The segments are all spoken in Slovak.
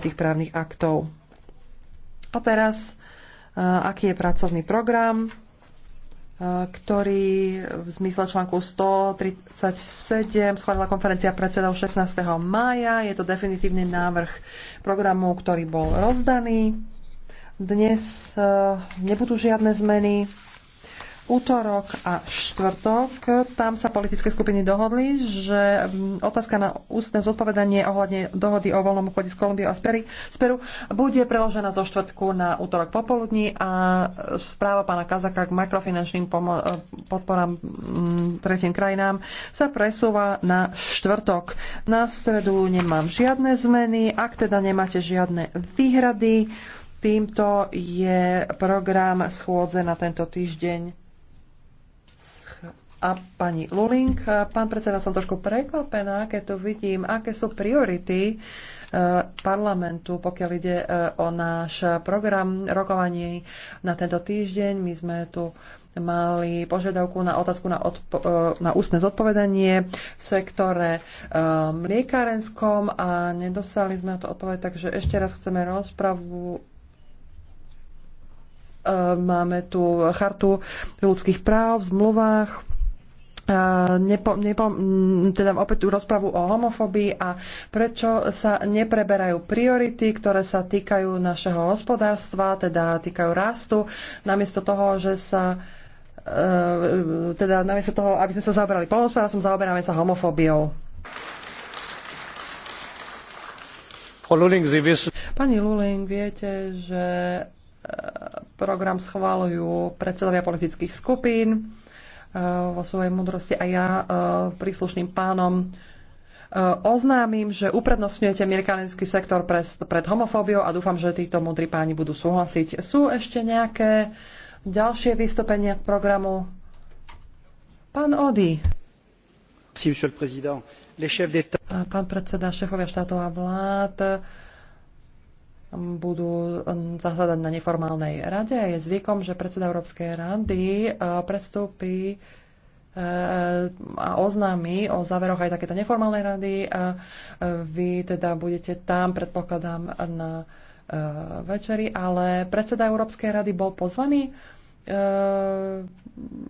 tých právnych aktov. A teraz, e, aký je pracovný program, e, ktorý v zmysle článku 137 schválila konferencia predsedov 16. mája. Je to definitívny návrh programu, ktorý bol rozdaný. Dnes e, nebudú žiadne zmeny útorok a štvrtok. Tam sa politické skupiny dohodli, že mm, otázka na ústne zodpovedanie ohľadne dohody o voľnom obchode s Kolumbiou a z Peru bude preložená zo štvrtku na útorok popoludní a správa pána Kazaka k makrofinančným podporám mm, tretím krajinám sa presúva na štvrtok. Na stredu nemám žiadne zmeny, ak teda nemáte žiadne výhrady, Týmto je program schôdze na tento týždeň a pani Luling. Pán predseda, som trošku prekvapená, keď tu vidím, aké sú priority e, parlamentu, pokiaľ ide e, o náš program rokovaní na tento týždeň. My sme tu mali požiadavku na otázku na, odpo- e, na ústne zodpovedanie v sektore mliekárenskom a nedostali sme na to odpoveď, takže ešte raz chceme rozpravu máme tu chartu ľudských práv v zmluvách Eh, nepo, nepo, mm, teda opäť tú rozpravu o homofóbii a prečo sa nepreberajú priority, ktoré sa týkajú našeho hospodárstva, teda týkajú rastu, namiesto toho, že sa eh, teda namiesto toho, aby sme sa zaoberali polnospodárstvom, zaoberáme sa homofóbiou. Pani Luling, viete, že eh, program schválujú predsedovia politických skupín vo svojej múdrosti a ja e, príslušným pánom e, oznámim, že uprednostňujete amerikánsky sektor pred, homofóbiou a dúfam, že títo múdri páni budú súhlasiť. Sú ešte nejaké ďalšie vystúpenia k programu? Pán Ody. Pán predseda, šéfovia štátov a vlád, budú um, zasadať na neformálnej rade a je zvykom, že predseda Európskej rady uh, prestúpi uh, a oznámi o záveroch aj takéto neformálnej rady. A uh, vy teda budete tam, predpokladám, na večeri, ale predseda Európskej rady bol pozvaný.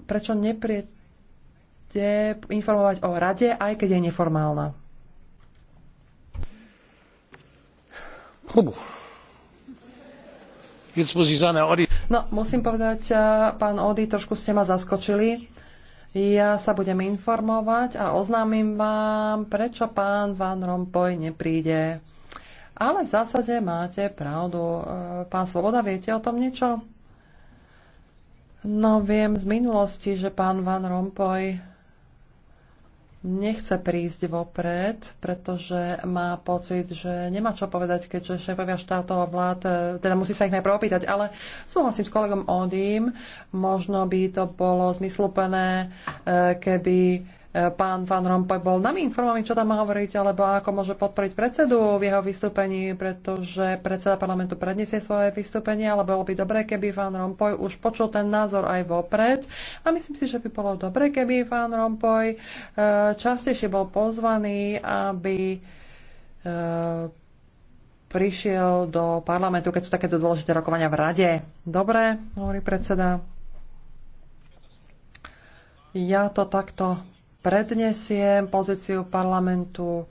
Prečo nepriete informovať o rade, aj keď je neformálna? No, musím povedať, eh, pán Ody, trošku ste ma zaskočili. Ja sa budem informovať a oznámim vám, prečo pán Van Rompuy nepríde. Ale v zásade máte pravdu. Eh, pán Svoboda, viete o tom niečo? No, viem z minulosti, že pán Van Rompuy nechce prísť vopred, pretože má pocit, že nemá čo povedať, keďže šéfovia štátov a vlád, e, teda musí sa ich najprv opýtať, ale súhlasím s kolegom Odím, možno by to bolo zmysluplné, e, keby pán Van Rompuy bol nami informovaný, čo tam má hovoriť, alebo ako môže podporiť predsedu v jeho vystúpení, pretože predseda parlamentu predniesie svoje vystúpenie, ale bolo by dobré, keby Van Rompuy už počul ten názor aj vopred. A myslím si, že by bolo dobré, keby Van Rompuy eh, častejšie bol pozvaný, aby eh, prišiel do parlamentu, keď sú takéto dôležité rokovania v rade. Dobre, hovorí predseda. Ja to takto prednesiem pozíciu parlamentu,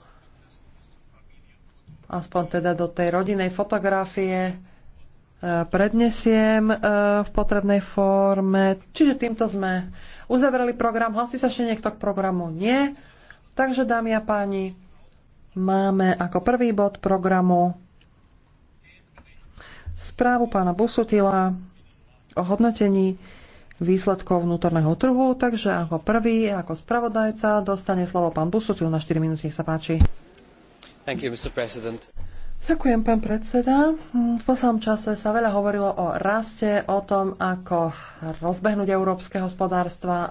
aspoň teda do tej rodinej fotografie, e, prednesiem e, v potrebnej forme. Čiže týmto sme uzavreli program. Hlasí sa ešte niekto k programu? Nie. Takže, dámy a páni, máme ako prvý bod programu správu pána Busutila o hodnotení výsledkov vnútorného trhu, takže ako prvý, ako spravodajca, dostane slovo pán Busutil na 4 minúty, nech sa páči. Thank you, Mr. President. Ďakujem, pán predseda. V poslednom čase sa veľa hovorilo o raste, o tom, ako rozbehnúť európske hospodárstva